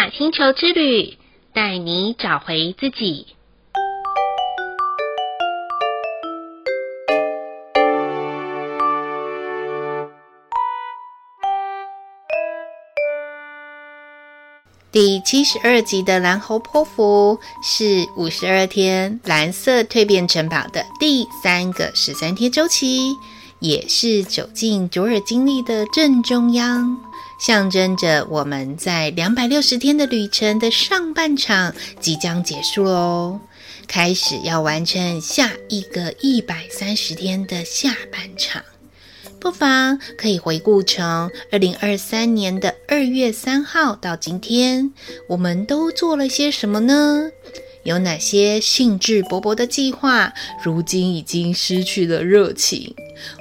《星球之旅》帶你找回自己。第七十二集的藍猴波符是五十二天藍色蛻變城堡的第三個十三天周期，也是走進卓爾金曆的正中央。象徵着我們在兩百六十天的旅程的上半場即將結束嘍，開始要完成下一個一百三十天的下半場。不妨可以回顧從二零二三年的二月三號到今天，我們都做了些什麼呢？有哪些興致勃勃的計劃，如今已經失去了熱情？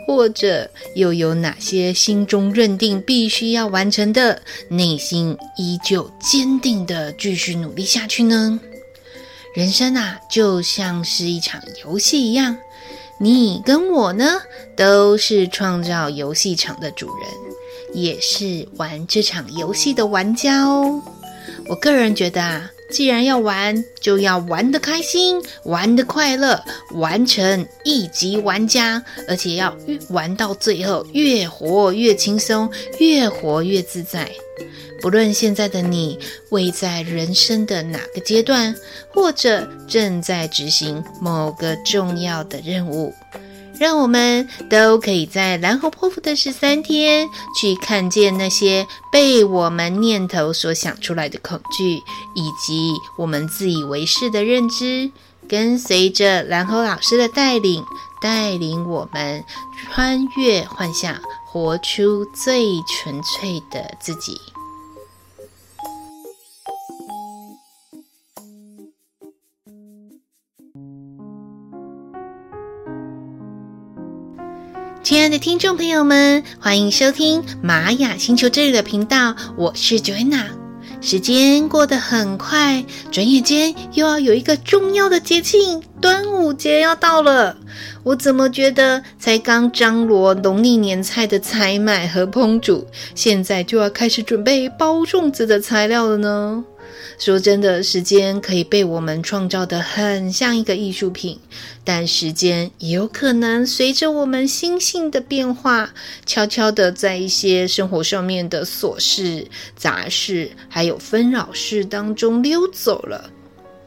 或者又有哪些心中認定必須要完成的，內心依舊堅定的繼續努力下去呢？人生啊，就像是一場遊戲一樣，你跟我呢，都是創造遊戲場的主人，也是玩這場遊戲的玩家哦。我個人覺得啊。既然要玩，就要玩得開心，玩得快樂，玩成一級玩家，而且要玩到最後越活越輕鬆，越活越自在。不論現在的你位在人生的哪個階段，或者正在執行某個重要的任務。讓我們都可以在藍猴波符的十三天，去看見那些被我們念頭所想出來的恐懼，以及我們自以為是的認知，跟隨着藍猴老師的帶領，帶領我們穿越幻象，活出最純粹的自己。親愛的聽眾朋友們，歡迎收聽《瑪雅星球之旅》的頻道，我是 Joanna。時間過得很快，轉眼間又要有一個重要的節慶，端午節要到了。我怎麼覺得才剛張羅農曆年菜的採買和烹煮，現在就要開始準備包粽子的材料了呢？說真的，時間可以被我們創造得很像一個藝術品，但時間也有可能隨着我們心性的變化，悄悄地在一些生活上面的瑣事、雜事，還有紛擾事當中溜走了。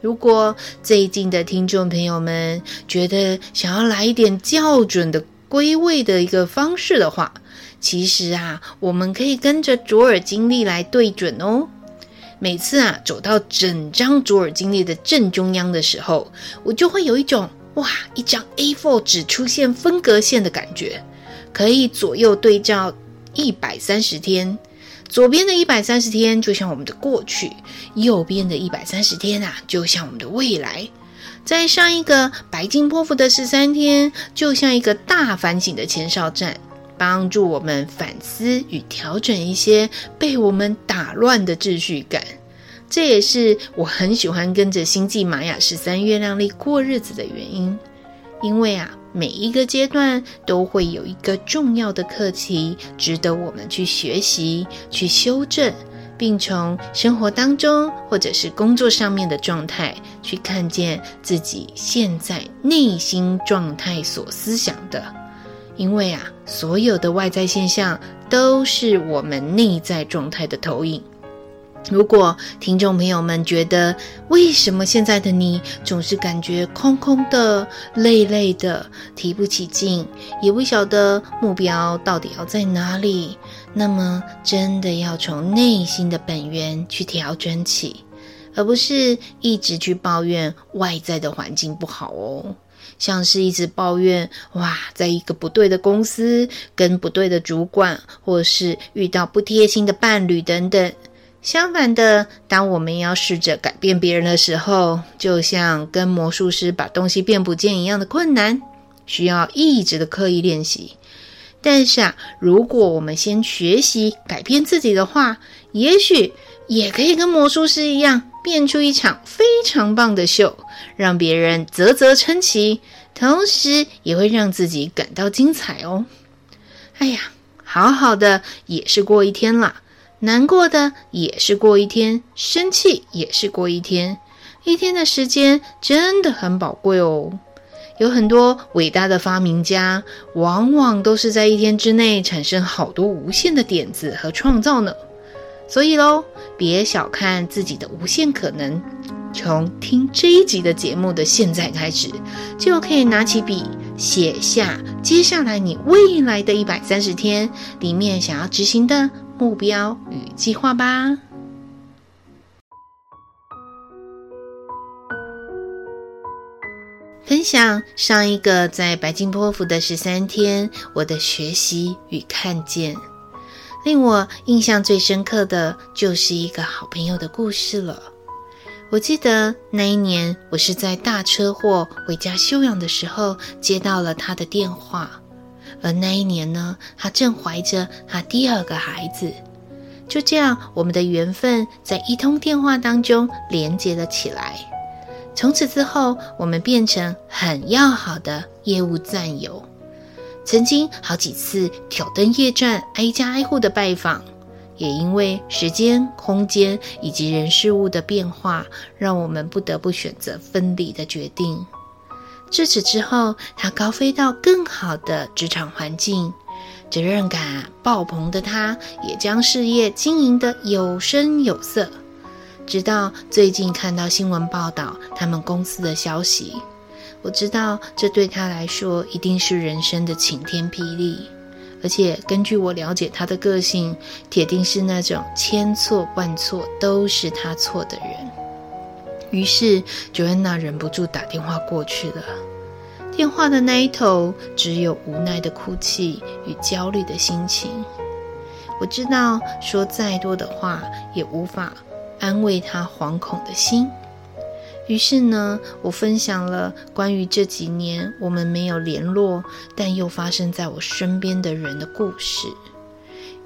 如果最近的聽眾朋友們覺得想要來一點校準的歸位的一個方式的話，其實啊，我們可以跟着卓爾金曆來對準哦。每次啊走到整張卓爾金曆的正中央的時候，我就會有一種哇，一張 A4 紙出現分隔線的感覺，可以左右對照一百三十天。左邊的一百三十天就像我們的過去，右邊的一百三十天吶、啊、就像我們的未來。在上一個白鏡波符的十三天，就像一個大反省的前哨站，幫助我們反思與調整一些被我們打亂的秩序感。這也是我很喜歡跟着星際瑪雅十三月亮曆過日子的原因。因為啊，每一個階段都會有一個重要的課題值得我們去學習、去修正，並從生活當中或者是工作上面的狀態去看見自己現在內心狀態所思想的。因為啊，所有的外在現象都是我們內在狀態的投影。如果聽眾朋友們覺得為什麼現在的你總是感覺空空的、累累的、提不起勁，也不曉得目標到底要在哪裡，那麼真的要從內心的本源去調整起，而不是一直去抱怨外在的環境不好哦，像是一直抱怨哇，在一個不對的公司、跟不對的主管，或是遇到不貼心的伴侶等等。相反的，當我們要試着改變別人的時候，就像跟魔術師把東西變不見一樣的困難，需要一直的刻意練習。但是啊，如果我們先學習改變自己的話，也許也可以跟魔術師一樣，變出一場非常棒的秀，讓別人嘖嘖稱奇，同時也會讓自己感到精彩哦。哎呀，好好的也是過一天了。難過的也是過一天，生氣也是過一天，一天的時間真的很寶貴哦。有很多偉大的發明家，往往都是在一天之內產生好多無限的點子和創造呢。所以嘍，別小看自己的無限可能。從聽這一集的節目的現在開始，就可以拿起筆寫下接下來你未來的一百三十天裡面想要執行的目標與計劃吧。分享上一個在白鏡波符的十三天，我的學習與看見，令我印象最深刻的，就是一個好朋友的故事了。我記得那一年，我是在大車禍回家休養的時候，接到了他的電話。而那一年呢，他正懷着他第二個孩子，就這樣，我們的緣分在一通電話當中連接了起來。從此之後，我們變成很要好的業務戰友，曾經好幾次挑燈夜戰，挨家挨戶的拜訪。也因為時間、空間以及人事物的變化，讓我們不得不選擇分離的決定。至此之後，他高飛到更好的職場環境，責任感啊，爆棚的他也將事業經營得有聲有色。直到最近看到新聞報道他們公司的消息，我知道這對他來說一定是人生的晴天霹靂，而且根據我了解他的個性，鐵定是那種千錯萬錯都是他錯的人。於是，Joanna 忍不住打電話過去了。電話的那一頭只有無奈的哭泣與焦慮的心情。我知道說再多的話也無法安慰她惶恐的心。於是呢，我分享了關於這幾年我們沒有聯絡但又發生在我身邊的人的故事。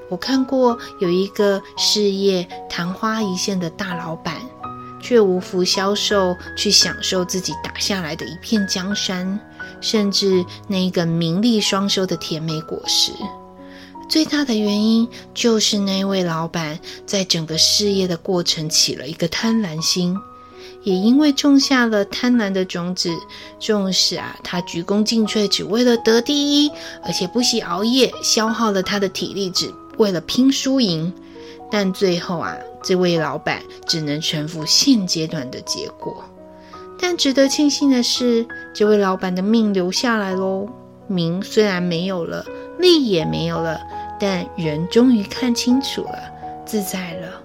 我看過有一個事業曇花一現的大老板。卻無福消受，去享受自己打下來的一片江山，甚至那一個名利雙收的甜美果實。最大的原因就是那位老闆在整個事業的過程起了一個貪婪心，也因為種下了貪婪的種子，縱使啊他鞠躬盡瘁，只為了得第一，而且不惜熬夜消耗了他的體力，只為了拼輸贏。但最後啊，這位老闆只能臣服現階段的結果。但值得慶幸的是，這位老闆的命留下來嘍，名雖然沒有了，利也沒有了，但人終於看清楚了，自在了，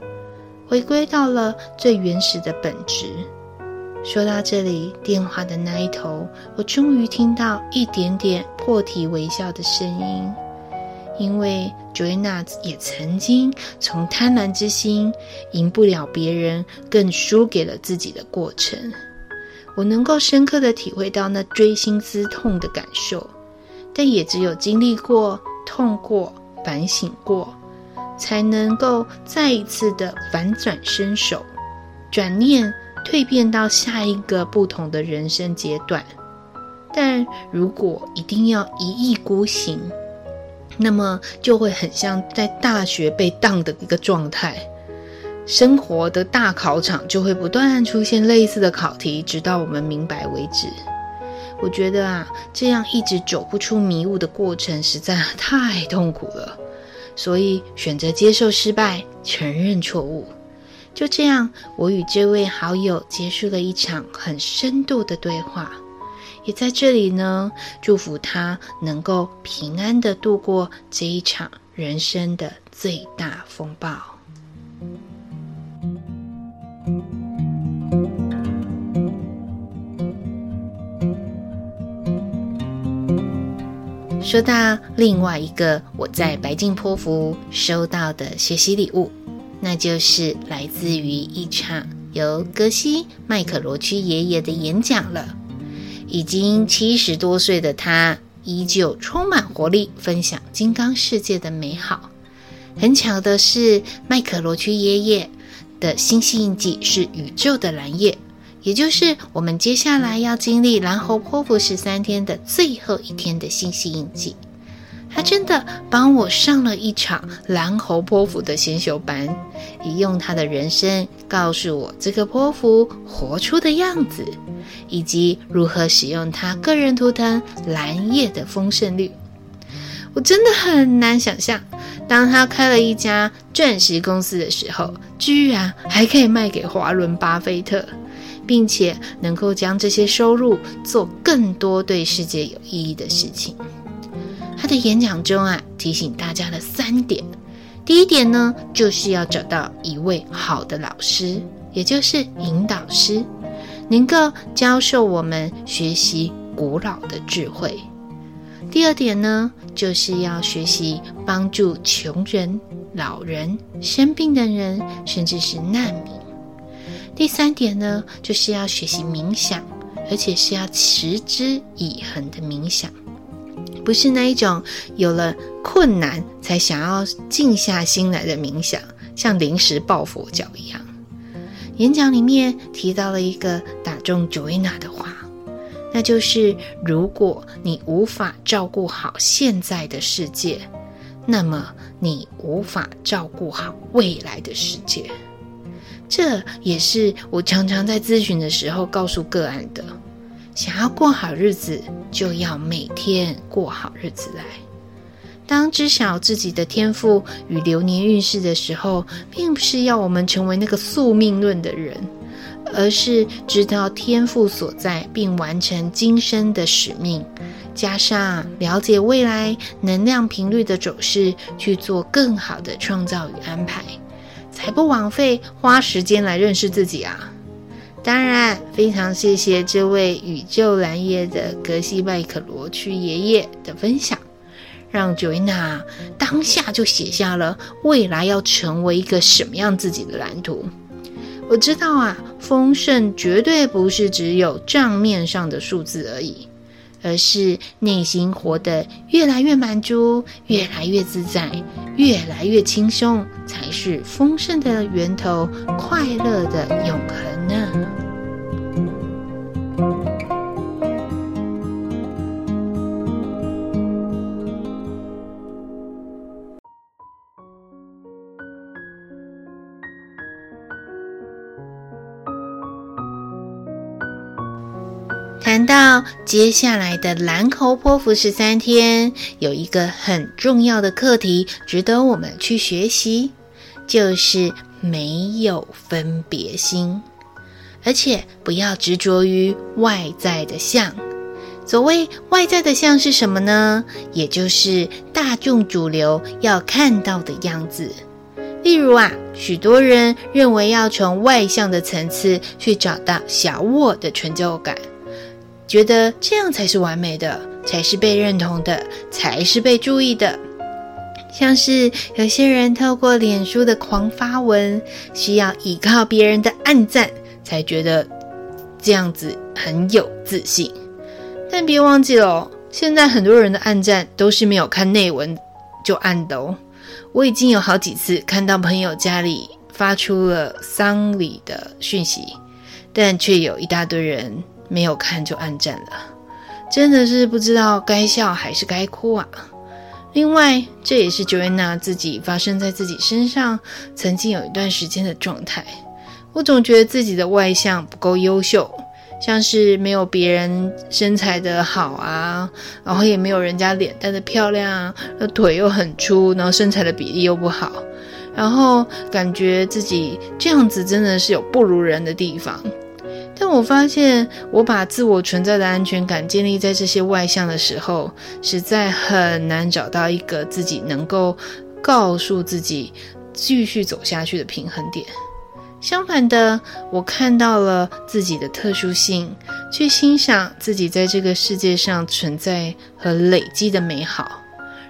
回歸到了最原始的本質。說到這裡，電話的那一頭，我終於聽到一點點破涕為笑的聲音。因為 Joanna 也曾經從貪婪之心贏不了別人，更輸給了自己的過程。我能夠深刻的體會到那錐心之痛的感受，但也只有經歷過、痛過、反省過，才能夠再一次的反轉身手，轉念蛻變到下一個不同的人生階段。但如果一定要一意孤行，那麼就會很像在大學被當的一個狀態，生活的大考場就會不斷出現類似的考題，直到我們明白為止。我覺得啊，這樣一直走不出迷霧的過程實在太痛苦了，所以選擇接受失敗，承認錯誤。就這樣，我與這位好友結束了一場很深度的對話。也在這裡呢，祝福他能夠平安的度過這一場人生的最大風暴。說到另外一個我在白鏡波符收到的學習禮物，那就是來自於一場由格西麥克羅區爺爺的演講了。已經七十多歲的他，依舊充滿活力，分享金剛世界的美好。很巧的是，麥克羅區爺爺的星系印記是宇宙的藍夜，也就是我們接下來要經歷藍猴波符十三天，的最後一天的星系印記。他真的幫我上了一場藍猴波符的先修班，以用他的人生告訴我這個波符活出的樣子，以及如何使用他個人圖騰藍夜的豐盛率。我真的很難想象，當他開了一家鑽石公司的時候，居然還可以賣給華倫巴菲特，並且能夠將這些收入做更多對世界有意義的事情。他的演講中啊，提醒大家的三點：第一點呢，就是要找到一位好的老師，也就是引導師，能夠教授我們學習古老的智慧；第二點呢，就是要學習幫助窮人、老人、生病的人，甚至是難民；第三點呢，就是要學習冥想，而且是要持之以恆的冥想。不是那一種有了困難才想要靜下心來的冥想，像臨時抱佛腳一樣。演講裡面提到了一個打中 Joanna 的話，那就是如果你無法照顧好現在的世界，那麼你無法照顧好未來的世界。這也是我常常在諮詢的時候告訴個案的。想要過好日子，就要每天過好日子來。當知曉自己的天賦與流年運勢的時候，並不是要我們成為那個宿命論的人，而是知道天賦所在，並完成今生的使命，加上了解未來能量頻率的走勢，去做更好的創造與安排，才不枉費花時間來認識自己啊。當然，非常謝謝這位宇宙藍夜的格西麥克羅區爺爺的分享，讓 Joanna 當下就寫下了未來要成為一個什麼樣自己的藍圖。我知道啊，豐盛絕對不是只有賬面上的數字而已，而是內心活得越來越滿足、越來越自在、越來越輕鬆，才是豐盛的源頭，快樂的永恆呢。談到接下來的藍猴波符十三天，有一個很重要的課題值得我們去學習，就是沒有分別心，而且不要執着於外在的相。所謂外在的相是什麼呢？也就是大眾主流要看到的樣子。例如啊，許多人認為要從外相的層次去找到小我的成就感。覺得這樣才是完美的，才是被認同的，才是被注意的。像是有些人透過臉書的狂發文，需要依靠別人的按讚才覺得這樣子很有自信。但別忘記了哦，現在很多人的按讚都是沒有看內文就按的哦。我已經有好幾次看到朋友家裡發出了喪禮的訊息，但卻有一大堆人沒有看就按讚了，真的是不知道該笑還是該哭啊！另外，這也是 Joanna 自己發生在自己身上，曾經有一段時間的狀態。我總覺得自己的外相不夠優秀，像是沒有別人身材的好啊，然後也沒有人家臉蛋的漂亮，啊，腿又很粗，然後身材的比例又不好，然後感覺自己這樣子真的是有不如人的地方。當我發現，我把自我存在的安全感建立在這些外相的時候，實在很難找到一個自己能夠告訴自己繼續走下去的平衡點。相反的，我看到了自己的特殊性，去欣賞自己在這個世界上存在和累積的美好。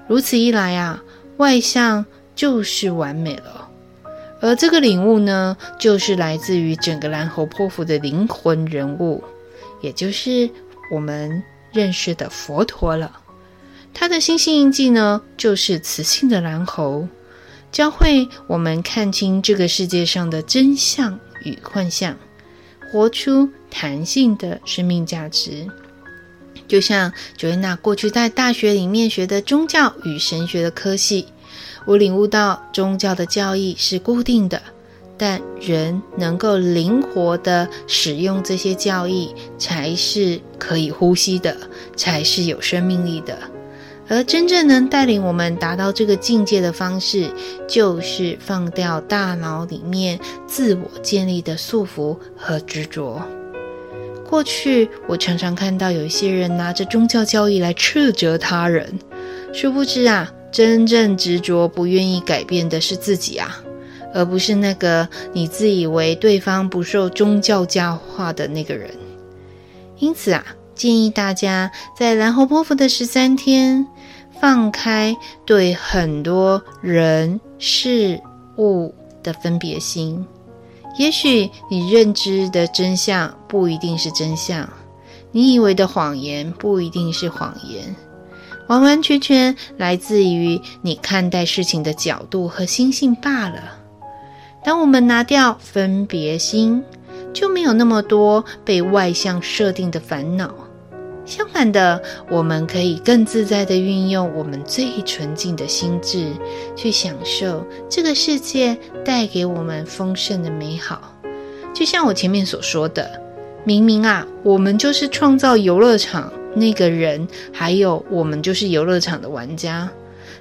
如此一來啊，外相就是完美了。而這個領悟呢，就是來自於整個藍猴波符的靈魂人物，也就是我們認識的佛陀了。他的星系印記呢，就是磁性的藍猴，教會我們看清這個世界上的真相與幻象，活出彈性的生命價值。就像 Joanna 過去在大學裡面學的宗教與神學的科系。我領悟到，宗教的教義是固定的，但人能夠靈活地使用這些教義，才是可以呼吸的，才是有生命力的。而真正能帶領我們達到這個境界的方式，就是放掉大腦裡面自我建立的束縛和執着。過去，我常常看到有一些人拿着宗教教義來斥責他人，殊不知啊。真正執着、不願意改變的是自己啊，而不是那個你自以為對方不受宗教教化的那個人。因此啊，建議大家在藍猴波符的十三天，放開對很多人事物的分別心。也許你認知的真相不一定是真相，你以為的謊言不一定是謊言。完完全全來自於你看待事情的角度和心性罷了。當我們拿掉分別心，就沒有那麼多被外相設定的煩惱。相反的，我們可以更自在的運用我們最純淨的心智，去享受這個世界帶給我們豐盛的美好。就像我前面所說的，明明啊，我們就是創造遊樂場。那個人，還有我們，就是遊樂場的玩家，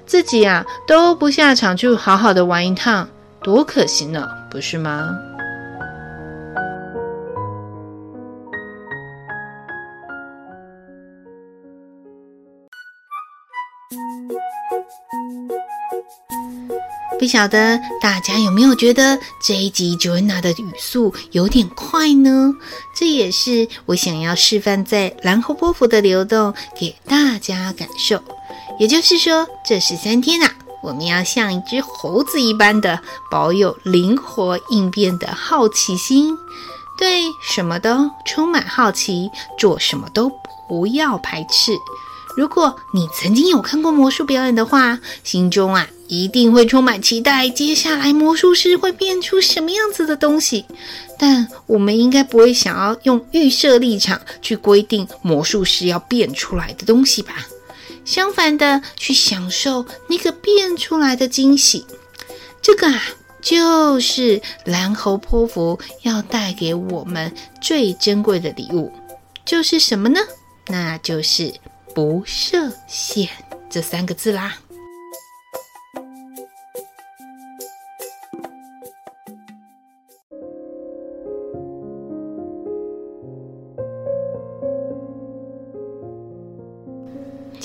自己啊都不下場去好好的玩一趟，多可惜呢，不是嗎？不曉得大家有沒有覺得這一集 Joanna 的語速有點快呢？這也是我想要示範在藍猴波符的流動給大家感受。也就是說，這十三天啊，我們要像一隻猴子一般的保有靈活應變的好奇心，對什麼都充滿好奇，做什麼都不要排斥。如果你曾經有看過魔術表演的話，心中啊，一定會充滿期待，接下來魔術師會變出什麼樣子的東西？但我們應該不會想要用預設立場去規定魔術師要變出來的東西吧？相反的，去享受那個變出來的驚喜。這個啊，就是藍猴波符要帶給我們最珍貴的禮物，就是什麼呢？那就是不設限這三個字啦。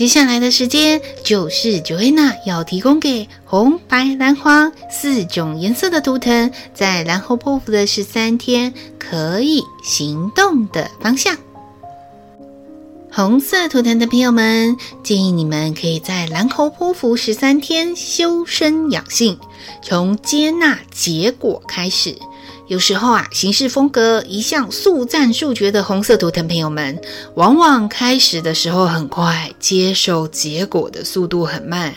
接下來的時間就是 Joanna 要提供給紅、白、藍、黃四種顏色的圖騰，在藍猴波符的十三天可以行動的方向。紅色圖騰的朋友們，建議你們可以在藍猴波符十三天修身養性，從接納結果開始。有時候啊，行事風格一向速戰速決的紅色圖騰朋友們，往往開始的時候很快，接受結果的速度很慢，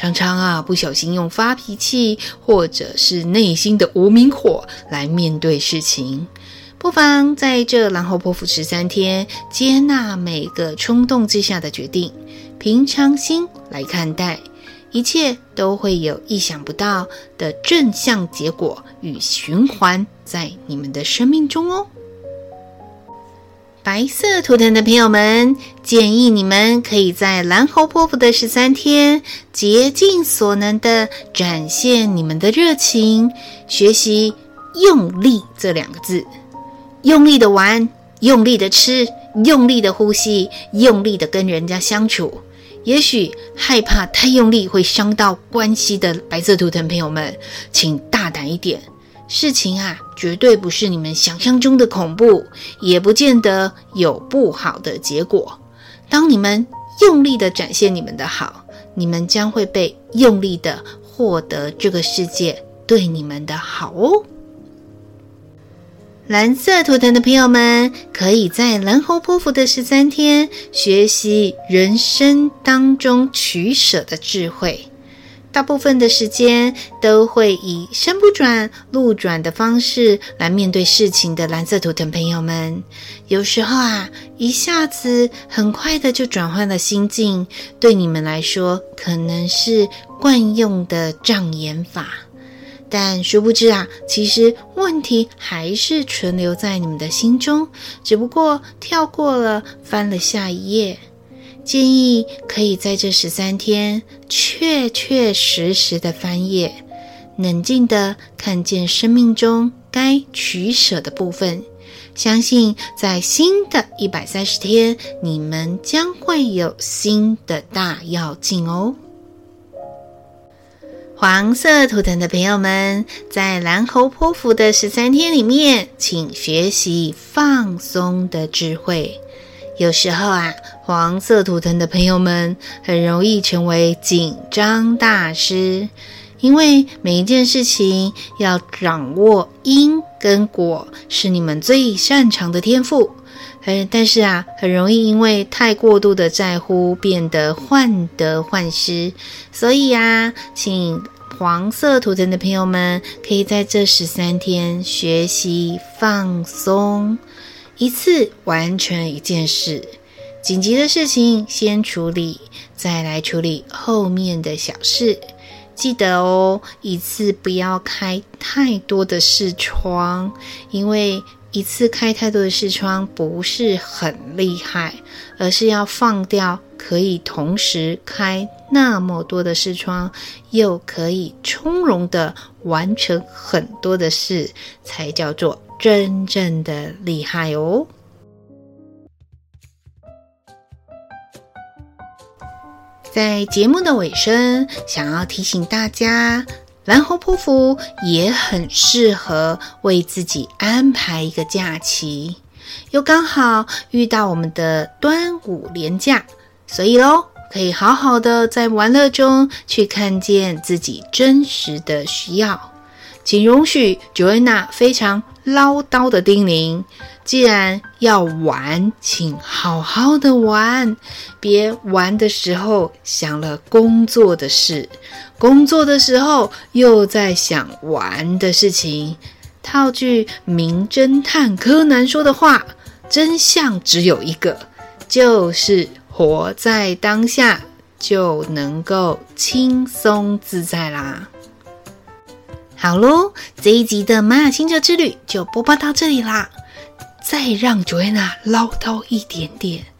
常常啊不小心用發脾氣或者是內心的無名火來面對事情。不妨在這藍猴波符十三天，接納每個衝動之下的決定，平常心來看待。一切都會有意想不到的正向結果與循環在你們的生命中哦。白色圖騰的朋友們，建議你們可以在藍猴波符的十三天，竭盡所能的展現你們的熱情，學習“用力”這兩個字，用力的玩，用力的吃，用力的呼吸，用力的跟人家相處。也許害怕太用力會傷到關係的白色圖騰朋友們，請大膽一點。事情啊，絕對不是你們想象中的恐怖，也不見得有不好的結果。當你們用力的展現你們的好，你們將會被用力的獲得這個世界對你們的好哦。藍色圖騰的朋友們，可以在藍猴波符的十三天學習人生當中取捨的智慧。大部分的時間都會以山不轉路轉的方式來面對事情的。藍色圖騰朋友們，有時候啊，一下子很快的就轉換了心境，對你們來說可能是慣用的障眼法。但殊不知啊，其實問題還是存留在你們的心中，只不過跳過了，翻了下一頁。建議可以在這十三天確確實實的翻頁，冷靜地看見生命中該取捨的部分。相信在新的一百三十天，你們將會有新的大躍進哦。黃色圖騰的朋友們，在藍猴波符的十三天裡面，請學習放鬆的智慧。有時候啊，黃色圖騰的朋友們很容易成為緊張大師，因為每一件事情要掌握因跟果，是你們最擅長的天賦。嗯，但是啊，很容易因為太過度的在乎，變得患得患失。所以呀，請黃色圖騰的朋友們，可以在這十三天學習放鬆，一次完成一件事。緊急的事情先處理，再來處理後面的小事。記得哦，一次不要開太多的視窗，因為。一次開太多的視窗不是很厲害，而是要放掉，可以同時開那麼多的視窗，又可以從容的完成很多的事，才叫做真正的厲害哦。在節目的尾聲，想要提醒大家，藍猴波符也很適合為自己安排一個假期，又剛好遇到我們的端午連假，所以嘍，可以好好的在玩樂中去看見自己真實的需要。請容許 Joanna 非常嘮叨的叮嚀：既然要玩，請好好的玩，別玩的時候想了工作的事。工作的時候又在想玩的事情，套句名偵探柯南說的話：“真相只有一個，就是活在當下，就能夠輕鬆自在啦。”好嘍，這一集的瑪雅星球之旅就播報到這裡啦，再讓 Joanna 嘮叨一點點。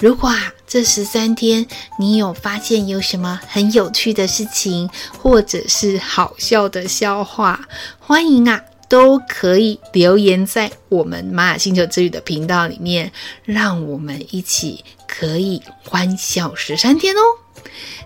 如果啊，這十三天你有發現有什麼很有趣的事情，或者是好笑的笑話，歡迎啊，都可以留言在我們《馬雅星球之旅》的頻道裡面，讓我們一起可以歡笑十三天哦。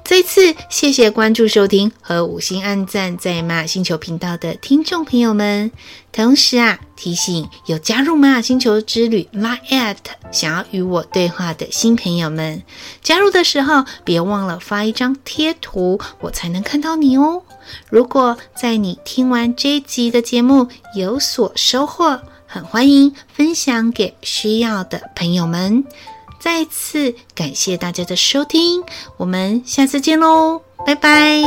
再次謝謝關注、收聽和五星按贊在馬雅星球頻道的聽眾朋友們。同時啊，提醒有加入馬雅星球之旅 LINE@ 想要與我對話的新朋友們，加入的時候別忘了發一張貼圖，我才能看到你哦。如果在你聽完這一集的節目有所收穫，很歡迎分享給需要的朋友們。再次感謝大家的收聽，我們下次見嘍，拜拜。